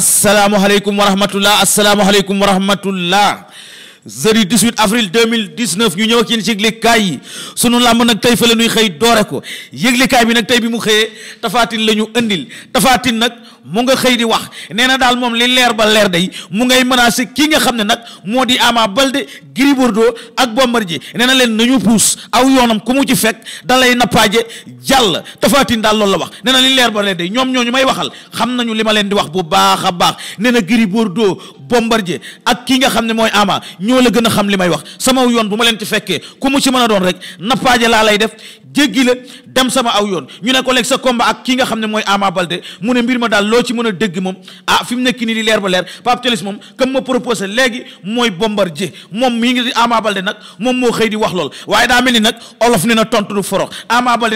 asalaamaaleykum wa rahmatullah asalaamaaleykum wa rahmatullah jeudi 18 avril deux 2019 ñu ñëw ak yéen ci yëglekaay yi sunu làmb nag tey fa la ñuy xëy doore ko yëglekaay bi nag tey bi mu xëyee tafaatin la ñu indil tafaatin nag mu nga xëy di wax nee na daal moom li leer ba leer day mu ngay menacé kii nga xam ne nag moo di Ama balde Gris Bordeaux ak bombar ji nee na leen nañu puus aw yoonam ku mu ci fekk dalay nappaaje jàll tafaatin daal loolu la wax nee na li leer ba leer day ñoom ñu may waxal xam nañu li ma leen di wax bu baax a baax nee na doo bombar ji ak kii nga xam ne mooy Ama ñoo la gën a xam li may wax sama yoon bu ma leen ci fekkee ku mu ci mën a doon rek nappaaje laa lay def jéggi la dem sama aw yoon ñu ne ko sa combat ak kii nga xam ne mooy Ama Baldé mu ne mbir ma daal loo ci mën a dégg moom ah fi mu nekk nii di leer ba leer Pape Thialis moom mooy Bombardier moom ngi di Ama nag moom moo xëy di wax lool waaye daa mel ni nag olof na tontu du forox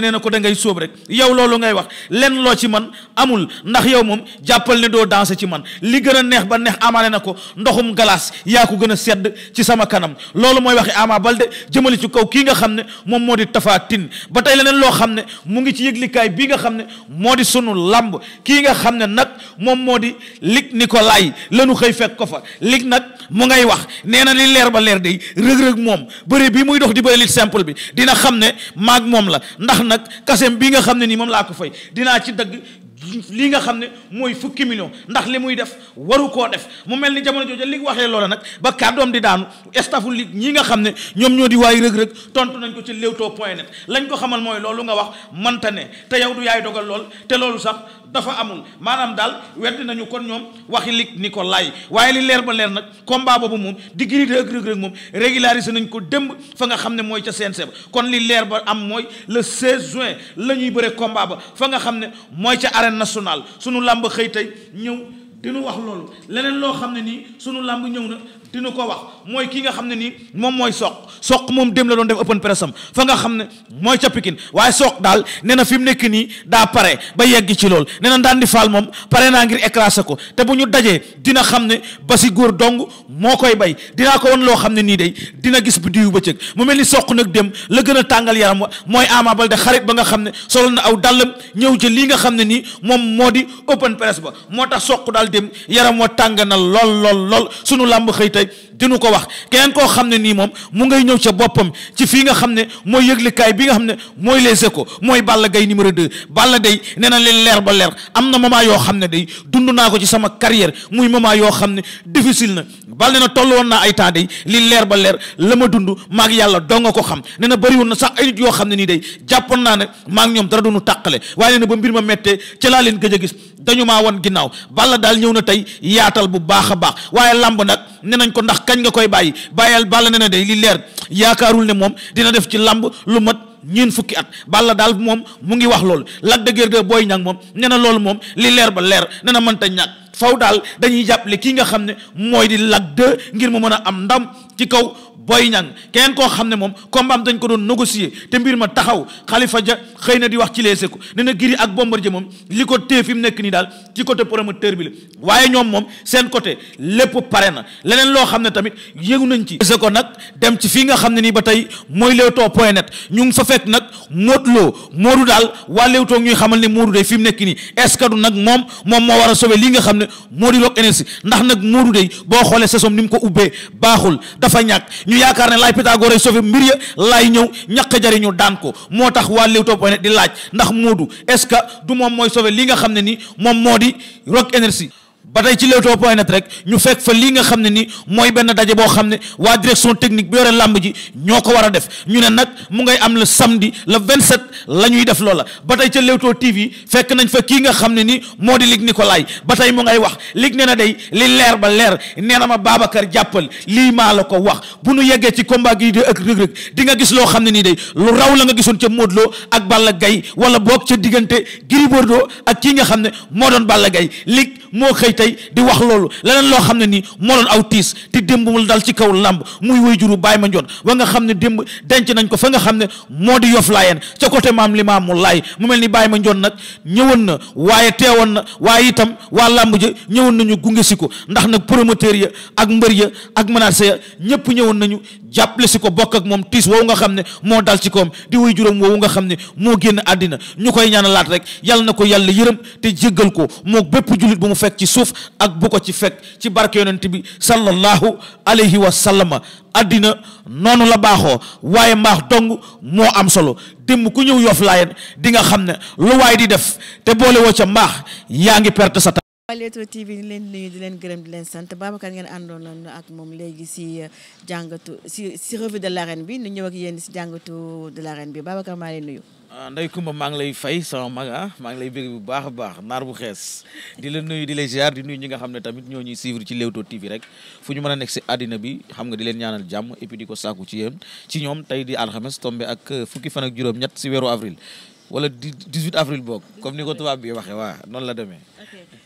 nee na ko da ngay sóob rek yow loolu ngay wax lenn loo ci man amul ndax yow moom jàppal ne doo danser ci man li gën a neex ba neex Ama ne na ko ndoxum galaas yaa ko gën a sedd ci sama kanam loolu mooy waxi Ama Baldé jëmale ci kaw kii nga xam ne moom moo di Tapha Tine ba tey leneen loo xam ne mu ngi ci yëglikaay bii nga xam ne moo di sunu lamb kii nga xam ne nag moom moo di lig Nicolai lanu xëy fekk ko fa lig nag mu ngay wax nee na li leer ba leer day rëg-rëg moom bëre bi muy dox di bëre lit simple bi dina xam ne maag moom la ndax nag kasem bi nga xam ne nii moom laa ko fay dinaa ci dagg lii nga xam ne mooy fukki million ndax li muy def waru koo def mu mel ni jamono jooju li waxee loola nag ba kàddoom di daanu estafu li ñi nga xam ne ñoom ñoo di waay rëg-rëg tontu nañ ko ci leewtoo point net lañ ko xamal mooy loolu nga wax manta ne te yow du yaay dogal lool te loolu sax dafa amul maanaam daal weddi nañu kon ñoom waxi lig ni ko laay waaye li leer ba leer nag combat boobu moom di Gris ak Reug Reug moom régularisé nañ ko démb fa nga xam ne mooy ca CNG ba kon li leer ba am mooy le 16 juin la ñuy bëre combat ba fa nga xam ne mooy ca arène national suñu làmb xëy tey ñëw dinu wax loolu leneen loo xam ne nii sunu làmb ñëw na dina ko wax mooy kii nga xam ne nii moom mooy soq soq moom dem la doon def open press am fa nga xam ne mooy ca Pikine waaye soq nee na fi mu nekk nii daa pare ba yegg ci lool nee na Ndandi Fall moom pare naa ngir écrasé ko te bu ñu dajee dina xam ne basi góor dong moo koy bay dinaa ko loo xam ne nii day dina gis bu diwu bëccëg mu mel ni soq nag dem la gën a tàngal yaram wa mooy Ama Baldé xarit ba nga xam ne solo na aw dàllam ñëw ci lii nga xam ne nii moom moo di open press ba moo tax soq daal dem yaram wa tàng na lool lool lool sunu làmb xëy rek ko wax keneen koo xam ne nii moom mu ngay ñëw ca boppam ci fii nga xam ne mooy yëglikaay bi nga xam ne mooy Les ko mooy Balla Gaye numéro 2 Balla day nee na leen leer ba leer am na moment yoo xam ne day dund naa ko ci sama carrière muy moment yoo xam ne difficil na Balla nee na toll woon naa ay temps day li leer ba leer la ma dund maak yàlla dong nga ko xam nee na bëriwoon na sax ay nit yoo xam ne nii dey jàppoon naa ne maag ñoom dara duñu tàqale waaye nee na ba mbir ma mettee ca laa leen gëj gis dañu maa wan ginnaaw Balla daal ñëw na tey waaye nañ ko ndax kañ nga koy bàyyi bàyyal Balla nee na day li leer yaakaarul ne moom dina def ci làmb lu mat ñeen fukki at Balla daal moom mu ngi wax loolu lag dëgër Guiers booy Boy moom nee na loolu moom li leer ba leer nee na mënta ñàkk faw daal dañuy jàppale kii nga xam ne mooy di Lac 2 ngir ma mën a am ndam ci kaw Boy Niang keneen koo xam ne moom combat dañ ko doon négocier te mbir ma taxaw Khalifa ja xëy na di wax ci leese ko ne na ak Bombardier moom ko téye fi mu nekk nii daal ci côté promoteur bi la ñoom moom seen côté lépp pare na leneen loo xam ne tamit yëgu nañ ci leese nag dem ci fii nga xam ne nii ba tey mooy Leewtoo point net ñu ngi fa fekk nag Modou Lo Modou daal waa Leewtoo ñuy xamal ne Modou fi mu nekk nii est-ce que nag moom moom moo war a sauver li nga xam ne moo di Rock Énergie ndax nag Modou dey boo xoolee saison ni mu ko ubbee baaxul dafa ñàkk ñu yaakaar ne laay Pythagore sauvé mbir ya laay ñëw ñàkk jariñu daan ko moo tax waa Leewtoo point net di laaj ndax Modou est-ce que du moom mooy sauvé li nga xam ne nii moom moo di Rock Énergie ba tey ci Leewtoo point net rek ñu fekk fa lii nga xam ne nii mooy benn daje boo xam ne waa direction technique bi yore làmb ji ñoo ko war a def ñu ne nag mu ngay am le samedi le 27 la ñuy def loola ba tey ca Leewtoo TV fekk nañ fa kii nga xam ne nii moo di Luc Nicolaï ba tey mu ngay wax Luc nee na day li leer ba leer nee na ma Babacar jàppal lii maa la ko wax bu nu yeggee ci combat gi di ak Reug Reug di nga gis loo xam ne nii day lu raw la nga gisoon ca Modou ak Balla Gaye wala boog ca diggante Gris Bordeaux ak kii nga xam ne moo doon Balla Gaye Luc moo xëy tey di wax loolu leneen loo xam ne nii moo doon aw tiis te démb mu dal ci kaw làmb muy woy juru bàyyi ma njoon wa nga xam ne démb denc nañ ko fa nga xam ne moo di yof laayeen ca côté maam li maam mu laay mu mel ni bàyyi ma njoon nag ñëwoon na waaye teewoon na waaye itam waa làmb ja ñëwoon nañu gunge si ko ndax nag promoteur ya ak mbër ya ak menacé ya ñëpp ñëwoon nañu jàppale si ko bokk ak moom tiis woowu nga xam ne moo dal ci kawam di woy juróom woowu nga xam ne moo génn àddina ñu koy ñaanalaat rek yàlla na ko yàlla yërëm te jéggal ko moo bépp jullit bu mu fekk ci suuf ak bu ko ci fekk ci barke yonent bi sallallahu alayhi wa sallama addina noonu la baaxoo waaye mbaax dong moo am solo démb ku ñëw Yoff Laayeen di nga xam ne lu waay di def te boole woo ca mbaax yaa ngi perte sa waa Leewtoo leen di leen gërëm di leen sant Babacar ngeen àndoon nañu ak moom léegi si euh, jàngatu si si revue de l'arène bi nu ñëw ak yéen si jàngatu de l'arène bi Babacar maa leen nuyu Euh, Ndeye Coumba maa ngi lay fay sama mag ah maa ngi lay bëgg bu baax a baax naar bu xees di la nuyu di lay ziar di nuyu ñi nga xam ne tamit ñoo ñuy suivre ci Leewtoo TV rek fu ñu mën a nekk si àddina bi xam nga di leen ñaanal jàmm et di ko sàkku ci yéen ci ñoom tey di alxames tombé ak euh, fukki fan ak juróom-ñett si weeru avril wala 18 avril boog comme ni ko tubaab bi waxee waa noonu la demee.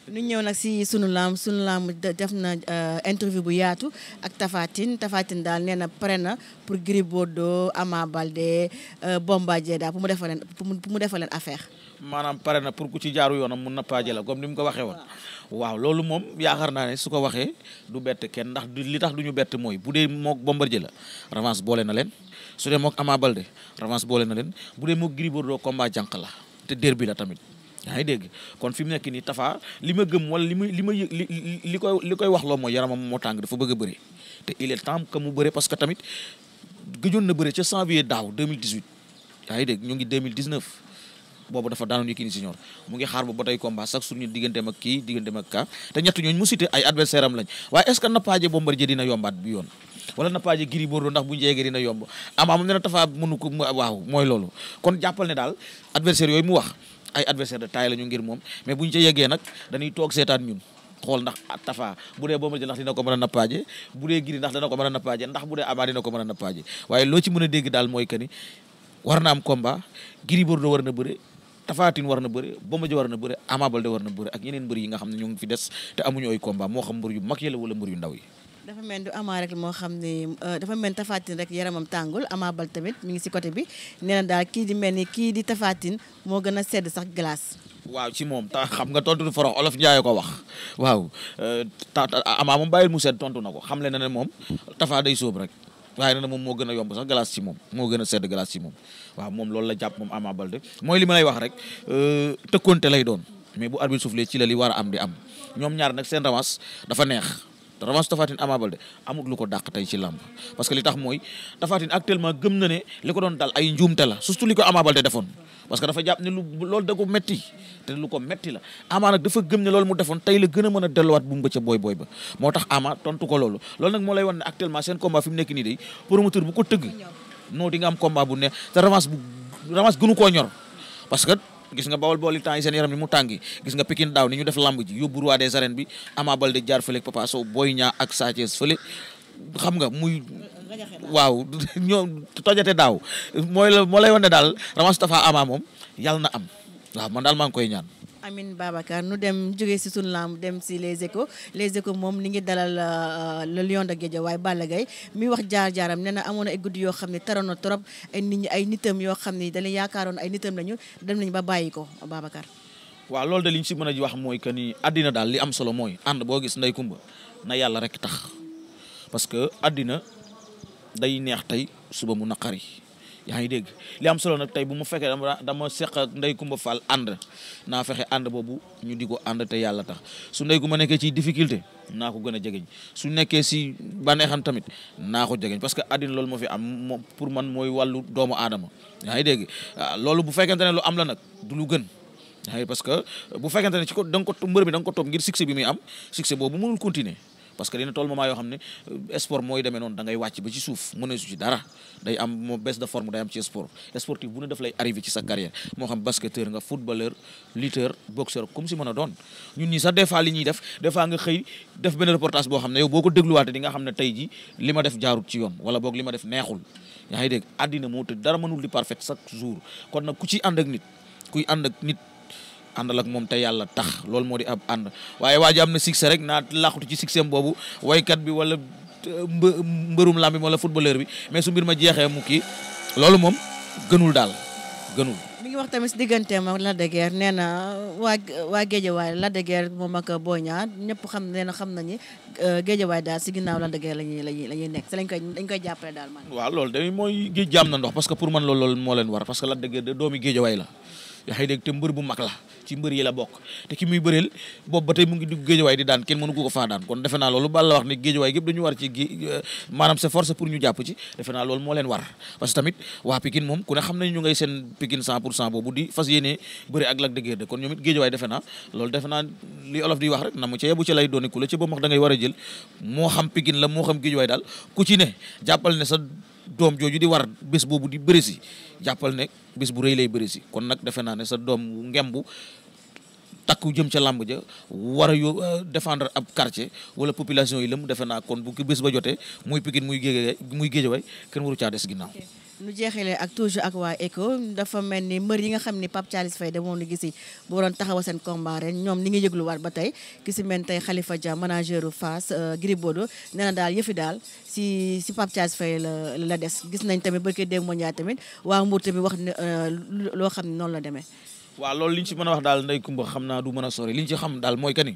ñu ñëw nag si sunu laam sunu laam def na euh, interview bu yaatu ak tafaatin Tafatine daal nee na pare na pour Gris Bordeaux Ama Baldé euh, Bombardier daal pour mu defal leen pour mu defal leen affaire. maanaam pare na pour ku ci jaaru yoona mun na la comme ni mu ko waxee woon. waaw loolu moom yaakaar naa ne su ko waxee du bett kenn ndax li tax du ñu bett mooy bu dee mook Bombardier la revanche boole na leen su dee mook Ama Baldé revanche boole na leen bu dee mook Gris Bordeaux combat jànq la te derby la tamit. yaa ngi dégg kon fi mu nekk nii Tapha li ma gëm wala li ma li ma yëg li li koy li wax loo dafa bëgg a bëre te il mu bëre parce que tamit gëjoon na bëre ca janvier daaw 2018 yaa ngi dégg ñu ngi 2019 boobu dafa daanoon Yékini ngi xaar ba ba tey combat sax suñu digganteem ak kii digganteem ak ka te ñett ñooñu mu cité ay adversaire am lañ waaye est-ce que nappaaje Bombardier dina yombaat bu yoon wala nappaaje Gris Bordeaux ndax bu njeegee dina yomb amaam ne mooy loolu kon jàppal ne daal adversaire yooyu mu wax ay adversaire de taille la ñu ngir moom mais bu ñu ca yeggee nag dañuy toog seetaan ñun xool ndax tafa bu dee Bombardier ndax dina ko mën a nappaaje bu dee ndax dina ko mën a nappaaje ndax bu dee Ama dina ko mën a nappaaje waaye loo ci mën a dégg daal mooy que ni war na am combat Gris Bordeaux war na bëre Tapha Tine war na bëre Bombardier war na bëre Ama Baldé war na bëre ak yeneen mbër yi nga xam ne ñoo ngi fi des te amuñu ay moo xam mbër yu mag yi la wala mbër yu ndaw yi dafa mel du Ama rek moo xam ne euh, dafa mel ni Tapha Tine rek yaramam tàngul Ama Baldé tamit mu ngi si côté bi nee na daal kii di mel ni kii di tafaatin moo gën a sedd sax glace. waaw ci moom ta xam nga tontu forox olof Ndiaye ko wax waaw euh, ta Ama moom bàyyil mu sedd tontu na ko xam le na ne moom Tapha day sóob rek. waaye nag moom moo gën a yomb sax glace ci moom moo gën a sedd glace ci moom waaw moom loolu la jàpp moom Ama Baldé mooy li ma lay wax rek euh, tëkkoonte lay doon mais bu arbitre soufflé ci la li war a am di am ñoom ñaar nag seen ramas dafa neex. revanche Tapha Tine Ama Baldé amul lu ko dàq tey ci làmb parce que li tax mooy Tapha Tine actuellement gëm na ne li ko doon dal ay njuumte la surtout li ko Ama Baldé defoon parce que dafa jàpp ne lu loolu da mu defoon tey la gën a mën a delluwaat bu mu ba ca booy booy ba moo tax Ama tontu ko loolu loolu nag moo lay wan ne actuellement seen combat fi mu nii day promoteur bu ko tëgg non di nga bu neex te revanche bu revanche koo ñor parce que gis nga bawol booli temps yi seen yaram ni mu tàngi gis nga Pikine daaw ni ñu def lamb ji yóbbu roi des bi Ama Baldé jaar fële Papa Sow Boy Niang ak Sa Thiès fële xam nga muy waaw ñoo tojate daaw mooy la moo lay wan daal ramas Tafa Ama moom yàlla na am waaw man daal maa ngi koy ñaan amin Babacar nu dem jóge si sunu lamb dem si les échos les échos moom ni ngi dalal euh, la lion de Guédiawaye Balla Gaye muy wax jaar-jaaram nee na amoon ay guddi yoo xam ne taroon na trop ay nit ñi ay nitam yoo xam ne dañu yaakaaroon ay nitam nañu dem nañu ba bàyyi ko Babacar. waaw loolu de li ñu si mën a wax mooy que nii àddina daal li am solo mooy ànd boo gis ndey kumba na yàlla rek tax parce que àddina day neex tey suba mu naqari. yaa ngi dégg li am solo nag tey bu mu fekkee dama dama seq ak ndey kumba Fall ànd naa fexe ànd boobu ñu di ko ànd te yàlla tax su ndey kumba nekkee ci difficulté naa ko gën a jegeñ su nekkee si bànneexam tamit naa ko jegeñ parce que àddina loolu moo fi am moom pour man mooy wàllu doomu aadama yaa ngi dégg ah, loolu bu fekkente ne lu am la nag du lu gën. parce que bu fekkente ne ci ko da ko mbër bi da nga ko toog ngir succès bi muy am succès boobu mënul continuer parce que dina toll moment yoo xam ne euh, sport mooy demee noonu da ngay wàcc ba ci suuf mën a su ci dara day am moo baisse de forme day am ci sport sportif bu ne daf lay arrivé ci sa carrière moo xam basketteur nga footballeur lutteur boxeur comme si mën a doon ñun ñi sax des li ñuy def des nga xëy def benn reportage boo xam ne yow boo ko dégluwaate di nga xam ne tey ji li ma def jaarut ci yoon wala boog li ma def neexul yaa dégg àddina moo tëdd dara àndal ak moom te yàlla tax loolu moo di ab ànd waaye waa ji am na succès rek naa làqutu ci succès boobu waykat bi wala euh, mbërum lamb bi wala footballeur bi mais su mbir ma jeexee mu kii loolu moom gënul daal ngi wax tamit si digganteem ak Lac de na waa waa Géejawaay Lac de Guiers moom ak Boy Niang xam nee na xam nañu euh, Géejawaay daal si ginnaaw Lac de lañuy nekk si lañ koy jàppale daal man. waaw loolu mooy géej jaam na ndox parce pour man loolu moo leen war parce que Lac de doomi Géejawaay la. yaa ngi dégg te mbër bu mag la ci mbër yi la bokk te ki muy bëreel boobu ba tey mu ngi dugg géejawaay di daan kenn mënu ko faa daan kon defe naa loolu bal wax ne géejawaay gépp dañu war ci euh, maanaam c'est force pour ñu boobu di fas yéene bëri ak Lac de kon ñoom géejawaay defe naa loolu defe naa li olof di wax rek na mu ca yebu ca lay doone ku la ca ba max da war a jël moo xam Pikine la moo xam géejawaay daal ku ci ne jàppal ne sa doom jooju di war bés boobu di bëri si jàppal ne bés bu rëy lay bëri si kon nag defe naa ne sa doom ngembu takku jëm ca làmb ja war a yo euh, défendre ab quartier wala population yi la lëm defe naa kon bu ki bés ba jotee muy Pikine muy Géejawaay muy Géejawaay kenn waru caa des ginnaaw nu jeexalee ak toujours ak waa ECHO dafa mel ni mbër yi nga xam ni pap Pape fay Faye demoon na gisi boo doon taxawa seen combat ren ñoom ni ngi yëgluwaat ba tey gisi mel tey Khalifa Dia manageru Fass euh, Gris Bordeaux nee na daal yëfi daal si si Pape Thialis Faye la la des gis nañ tamit barke démb Ndiaye tamit waa Mbour tamit wax ne euh, loo xam ne noonu la demee. waaw loolu li ñu ci mën a wax daal ndey kumba xam naa du mën a sori li ñu ci xam daal mooy que ni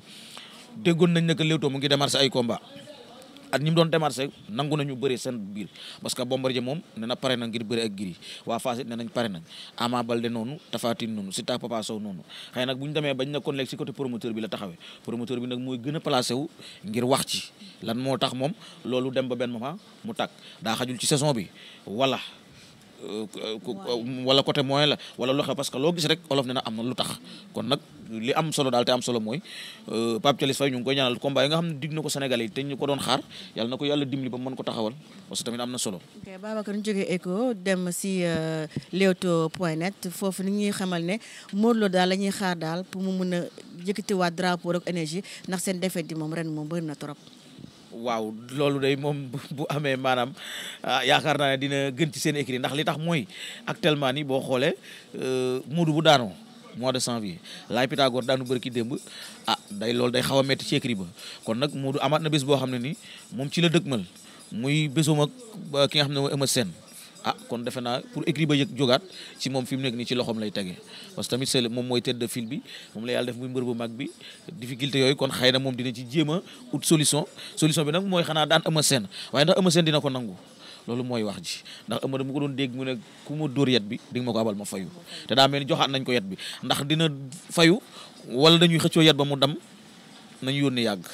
déggoon nañ ne que Leewtoo mu ngi démarrer ay combat at ñi mu doon démarché nangu nañu bëri seen biir parce que Bombardier moom ne na pare na ngir bëri ak Gris waa Fass it ne nañ pare noonu Tapha Tine noonu Siteu Papa Sow noonu bu ñu demee bañ na kon léegi si côté promoteur bi la taxawee promoteur bi nag ngir wax ci lan moo tax moom loolu dem ba benn moment mu tàkk daa xajul saison bi wala euh, euh, wala côté moyen la wala lu parce que loo gis rek olof ne na am na lu tax kon nag li am solo daal te am solo mooy euh, Pape Thialis Faye ñu ngi koy ñaanal combat nga xam ne dig na ko Sénégalais yi te ñu ko doon xaar yàlla na ko yàlla dimbali ba mën ko taxawal parce que tamit am na solo. ok Babacar ñu jógee ECHO si euh, Leewtoo point net foofu ni ñuy xamal ne Modou daal la ñuy xaar daal pour mu mun a yëkkatiwaat drapeau ak énergie ndax seen défaite di moom ren moom bëri na trop. waaw loolu day moom bu amee maanaam ah, yaakaar naa ne dina gën ci seen écrit ndax li tax mooy actuellement nii boo xoolee euh, Modou bu daano mois de janvier laay Pythagore daanu bëri ki démb ah day loolu day xaw a metti ci écrit kon nag moo du amaat na bés boo xam ne nii moom ci la dëgmal muy bésum ak ki nga xam ne mooy Eumeu Sène ah kon defe naa pour écrit ba yëg jógaat ci moom fi mu nekk nii ci loxoom lay tege parce que tamit c'est moom mooy tête de file bi moom la yàlla def muy mbër bu mag bi difficulté yooyu kon xëy na moom dina ci jéem a ut solution solution bi nag mooy xanaa daan Eumeu Sène waaye ndax Eumeu Sène dina ko nangu loolu mooy wax ji ndax Eumeu mu ko doon dégg mu ne ku ma dóor yet bi di ma ko abal ma fayu te daa mel ni joxaat nañ ko yet bi ndax dina fayu wala dañuy xëccoo yet ba mu dam nañu yoon yónni yàgg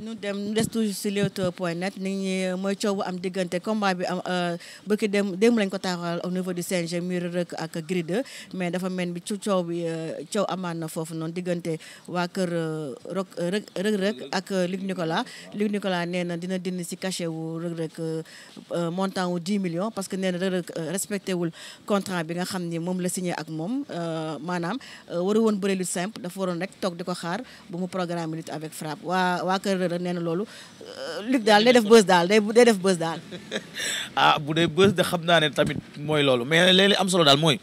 ñu dem ñu des toujours si Leewtoo point net nit ñi euh, mooy coow bu am diggante combat bi am bëgg dem dem lañ ko taxawal au niveau de CNG mur rek ak gride mais dafa mel bi ci coow bi euh, coow amaan na foofu noonu diggante waa kër rok rëg rëg ak Luc Nicolas Luc Nicolas nee na dina dindi si cachet wu rëg rek euh, montant wu 10 million parce que nee na rëg rek respecté wul contrat bi nga xam ni moom la signé ak moom maanaam waru woon bëre lu simple dafa waroon rek toog di ko xaar bu mu programme lutte avec frappe waa kër rek nee na loolu euh, Luc daal day def bës daal day day def bës daal. ah bu dee bës de xam naa ne tamit mooy loolu mais léeg am solo daal mooy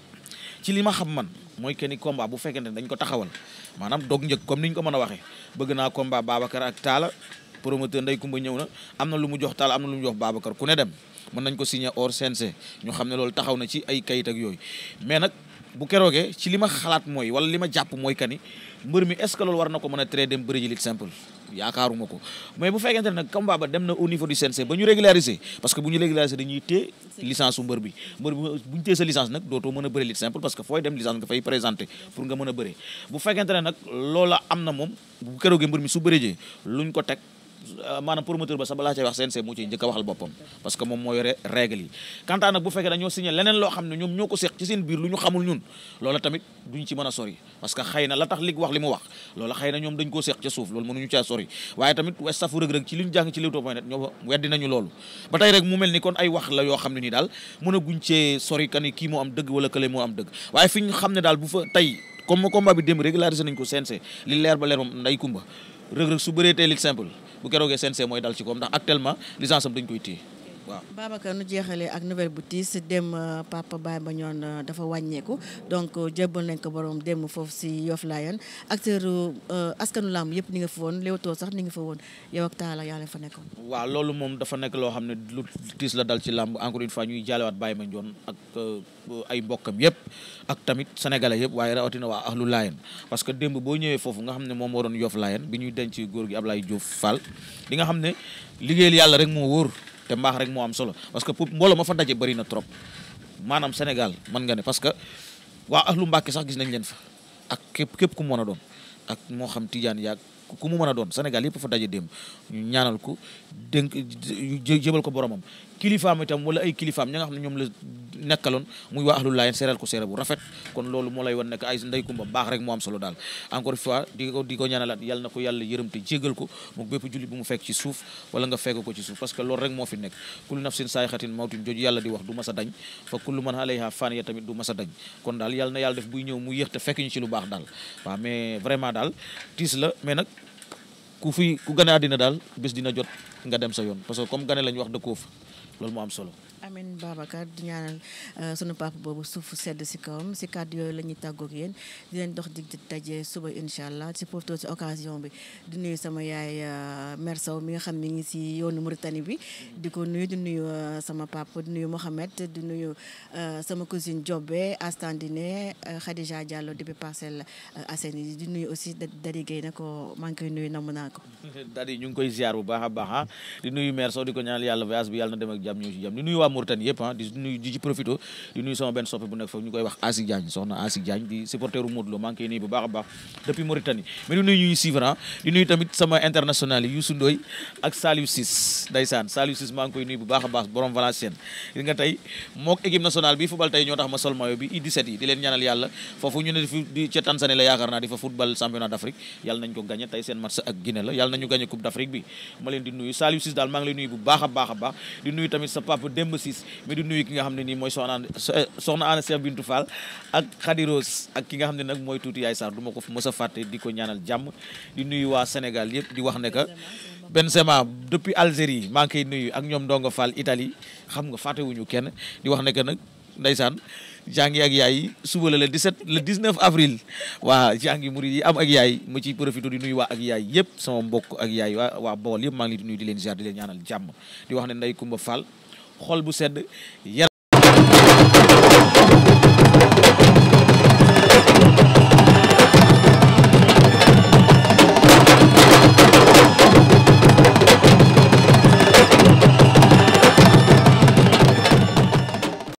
ci li ma xam man. mooy que ni combat bu fekkente ne dañ ko taxawal maanaam dog njëkk comme ni ñu ko mën a waxee bëgg naa combat Babacar ak Talla promoteur Ndeye Kumba ñëw na am na lu mu jox Talla am na lu mu jox Babacar ku ne dem mën nañ ko signer hors CNG ñu xam ne lool taxaw na ci ay kayit ak yooyu. mais nag bu keroogee ci li ma xalaat mooy wala li ma jàpp mooy que ni mbër mi est ce war na ko a traiter dem bëri ji lit yaakaaruma ko mais bu fekkente nag combat ba dem na au niveau du CNC ba ñu régulariser parce que bu ñu régulariser dañuy téye licence su mbër bi mbër bi bu ñu téye sa licence nag dootoo mën a bëri lutte simple parce que fooy dem licence nga fay présenter pour nga mën a bëri bu fekkente ne nag loola am na moom bu keroogee mbër mi su bëree lu ñu ko teg Euh, maanaam promoteur ba sax a cay wax CNG moo ciy njëkk a waxal boppam parce que moom moo yore règle yi quant à loo xam ne ñoo ko seq ci seen biir lu ñu xamul ñun loola tamit duñ xëy na la tax lig wax li mu wax loola xëy na ñoom dañ koo seq suuf loolu mënuñu caa sori waaye tamit stafu Reug Reug ci li ñu jàng ci ni kon ay wax la yoo ni kii moo am dëgg wala kële moo am dëgg waaye fi ñu xam fa tey comme combat bi démb régularisé nañ ko CNG li leer ba leer moom nday kumba Reug Reug su bëree tey lit simple bu keroogee CNG mooy dal ci koom ndax actuellement licence am dañ koy téye waaw Babacar nu jeexalee ak nouvelle bu tiis dem euh, papa euh, euh, ko borom dem foofu si Yoff Layeen acteur askanu lamb yëpp ni nga fa woon Leewtoo sax ni nga fa woon yow ak Talla yaa leen fa nekkoon. waaw loolu moom dafa nekk loo xam ne lu tiis la dal ci lamb encore une fois ñuy jaalewaat Baye ma ñoon ak ay mbokkam yëpp ak tamit sénégalais yëpp waaye rawatina waa ahlu Layeen parce que démb boo ñëwee foofu nga xam ne moom moo doon Yoff Layeen bi ñuy denc góor gi Ablaye Diouf Fall di nga xam ne liggéeyal yàlla rek moo wóor te mbaax rek moo am solo parce que pour mbooloo ma fa daje bëri trop maanaam Sénégal mën nga ne parce que waa ahlu Mbàkke sax gis nañ leen fa ak képp képp ku mu mën a doon ak moo xam Tijaan yaag ku mu mën a doon Sénégal yëpp fa daje dem ñu ñaanal ko dénk jébal ko boromam kilifaam itam wala ay kilifaam ña nga xam ne ñoom la nekkaloon muy waa ahlul laayeen seeral ko seere bu rafet kon loolu moo lay wan nekk ay ndey kumba baax rek moo am solo daal encore une fois di ko di ko ñaanalaat yàlla na ko yàlla yërëm jégal ko mu bépp jullit bu mu fekk ci suuf wala nga fekk ko ci suuf parce que loolu rek moo fi nekk kullu nafsin saayxatin mawtin jooju yàlla di wax du mas a dañ fa kullu man alayha faan ya tamit du mas a dañ kon daal yàlla na yàlla def buy ñëw mu yéex te fekk ñu ci lu baax daal waaw mais vraiment daal tiis la ku fi ku gane daal bés dina jot nga dem sa yoon parce que comme gane lañ wax dëkkoo fa loolu moo am solo. amin Babacar di ñaanal euh, sunu papa boobu suuf sedd si kawam si kàddu yooyu la ñuy tàggoog yéen di leen dox dig daje suba incha allah si profito si occasion bi di nuyu sama yaay euh, mère Sow mi nga xam ne ngi si yoonu Mauritanie bi di ko nuyu di nuyu euh, sama nuyu di nuyu sama cousine Diobé Astandine Khadija Diallo depuis Parcelles Assainies di nuyu aussi Dadi Guèye na ko maa ngi koy nuyu namm naa ko. Dadi ñu ngi koy ziar bu baax a baax ah. di nuyu mère Sow di ko ñaanal yàlla voyage bi yàlla na dem jàmm ñëw si jàmm di nuyu waa Mauritanie ah, di nuyu di ci profito di nuyu sama benn soppe bu nekk foofu ñu koy wax Asi Diagne soxna Asi Diagne di supporteru Modou Lo maa ngi koy nuyu bu baax a baax depuis Mauritanie mais di nuyu ñuy suivre ah, di nuyu tamit sama Tanzanie la yaakaar naa di fa football championnat d'Afrique yàlla nañ ko gagné tey seen match ak Guinée la yàlla nañu gagné coupe d'Afrique bi ma leen di nuyu Saliou Ciss daal maa ngi lay nuyu bu baax a baax di nuyu tamit sa papa Demba Ciss mais di nuyu ki nga xam ne nii mooy soxna soxna Anna Cheikh Bintou ak Khady ak ki nga xam ne nag mooy tuuti yaay Sarr du ma ko mos a fàtte di ko ñaanal jàmm di nuyu waa Sénégal yëpp di wax ne que Benzema depuis Algérie maa ngi koy nuyu ak ñoom Ndongo Fall Italie xam nga fàttewuñu kenn di wax ne que nag ndeysaan jangi ak yaay suba la le 17 le 19 avril waa jangi murid yi am ak yaay mu ci profité di nuyu waa ak yaay yëpp sama mbokk ak yaay waa waa Bawol yëpp maa ngi leen di nuyu di leen ziar di leen ñaanal jàmm di wax ne Ndeye Kumba Fall xol bu sedd